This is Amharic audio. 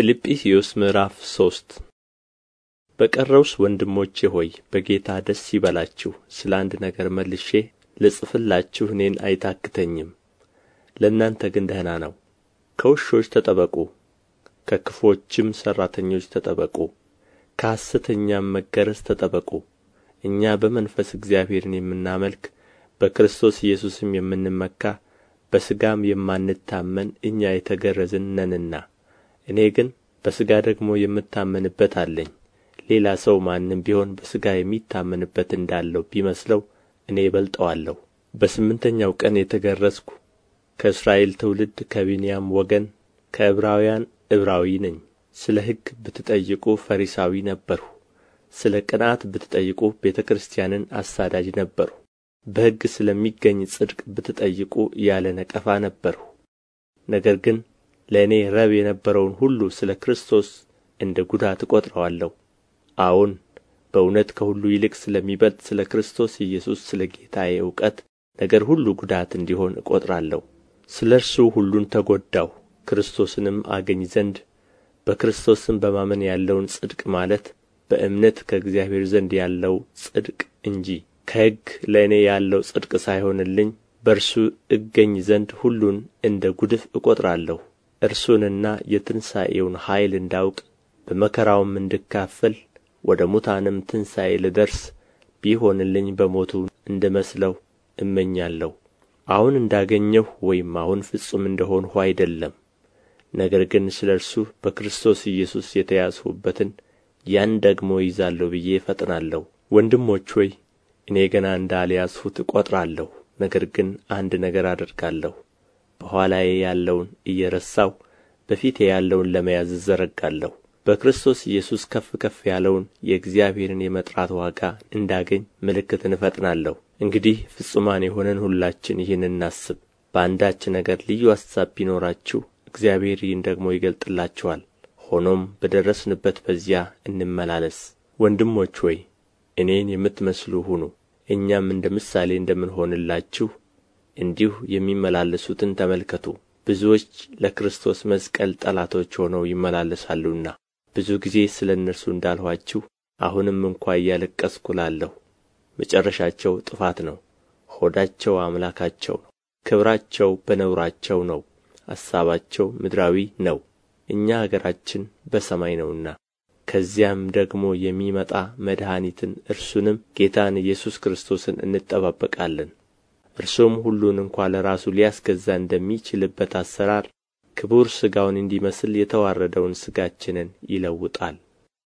ፊልጵስዩስ ምዕራፍ ሶስት በቀረውስ ወንድሞቼ ሆይ በጌታ ደስ ይበላችሁ ስለ አንድ ነገር መልሼ ልጽፍላችሁ እኔን አይታክተኝም ለእናንተ ግን ደህና ነው ከውሾች ተጠበቁ ከክፎችም ሠራተኞች ተጠበቁ ከሐሰተኛም መገረዝ ተጠበቁ እኛ በመንፈስ እግዚአብሔርን የምናመልክ በክርስቶስ ኢየሱስም የምንመካ በሥጋም የማንታመን እኛ የተገረዝን ነንና እኔ ግን በሥጋ ደግሞ የምታመንበት አለኝ ሌላ ሰው ማንም ቢሆን በሥጋ የሚታመንበት እንዳለው ቢመስለው እኔ እበልጠዋለሁ በስምንተኛው ቀን የተገረዝሁ ከእስራኤል ትውልድ ከቢንያም ወገን ከዕብራውያን ዕብራዊ ነኝ ስለ ሕግ ብትጠይቁ ፈሪሳዊ ነበርሁ ስለ ቅንዓት ብትጠይቁ ቤተ ክርስቲያንን አሳዳጅ ነበርሁ በሕግ ስለሚገኝ ጽድቅ ብትጠይቁ ያለ ነቀፋ ነበርሁ ነገር ግን ለእኔ ረብ የነበረውን ሁሉ ስለ ክርስቶስ እንደ ጉዳት እቈጥረዋለሁ አዎን በእውነት ከሁሉ ይልቅ ስለሚበልጥ ስለ ክርስቶስ ኢየሱስ ስለ ጌታዬ እውቀት ነገር ሁሉ ጉዳት እንዲሆን እቈጥራለሁ ስለ እርሱ ሁሉን ተጐዳሁ ክርስቶስንም አገኝ ዘንድ በክርስቶስም በማመን ያለውን ጽድቅ ማለት በእምነት ከእግዚአብሔር ዘንድ ያለው ጽድቅ እንጂ ከሕግ ለእኔ ያለው ጽድቅ ሳይሆንልኝ በእርሱ እገኝ ዘንድ ሁሉን እንደ ጉድፍ እቈጥራለሁ እርሱንና የትንሣኤውን ኃይል እንዳውቅ በመከራውም እንድካፈል ወደ ሙታንም ትንሣኤ ልደርስ ቢሆንልኝ በሞቱ እንድመስለው እመኛለሁ አሁን እንዳገኘሁ ወይም አሁን ፍጹም እንደ ሆንሁ አይደለም ነገር ግን ስለ እርሱ በክርስቶስ ኢየሱስ የተያዝሁበትን ያን ደግሞ ይዛለሁ ብዬ እፈጥናለሁ። ወንድሞች ሆይ እኔ ገና እንዳልያዝሁት እቈጥራለሁ። ነገር ግን አንድ ነገር አደርጋለሁ በኋላዬ ያለውን እየረሳሁ በፊቴ ያለውን ለመያዝ እዘረጋለሁ በክርስቶስ ኢየሱስ ከፍ ከፍ ያለውን የእግዚአብሔርን የመጥራት ዋጋ እንዳገኝ ምልክትን እፈጥናለሁ እንግዲህ ፍጹማን የሆነን ሁላችን ይህን እናስብ በአንዳች ነገር ልዩ አሳብ ቢኖራችሁ እግዚአብሔር ይህን ደግሞ ይገልጥላችኋል ሆኖም በደረስንበት በዚያ እንመላለስ ወንድሞች ሆይ እኔን የምትመስሉ ሁኑ እኛም እንደ ምሳሌ እንደምንሆንላችሁ እንዲሁ የሚመላለሱትን ተመልከቱ ብዙዎች ለክርስቶስ መስቀል ጠላቶች ሆነው ይመላለሳሉና ብዙ ጊዜ ስለ እነርሱ እንዳልኋችሁ አሁንም እንኳ እያለቀስኩ ላለሁ። መጨረሻቸው ጥፋት ነው ሆዳቸው አምላካቸው ነው ክብራቸው በነውራቸው ነው አሳባቸው ምድራዊ ነው እኛ አገራችን በሰማይ ነውና ከዚያም ደግሞ የሚመጣ መድኃኒትን እርሱንም ጌታን ኢየሱስ ክርስቶስን እንጠባበቃለን እርሱም ሁሉን እንኳ ለራሱ ሊያስገዛ እንደሚችልበት አሠራር ክቡር ሥጋውን እንዲመስል የተዋረደውን ሥጋችንን ይለውጣል